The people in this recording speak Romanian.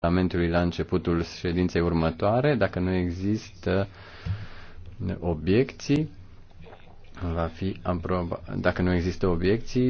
Parlamentului la începutul ședinței următoare. Dacă nu există obiecții, va fi aproba. Dacă nu există obiecții,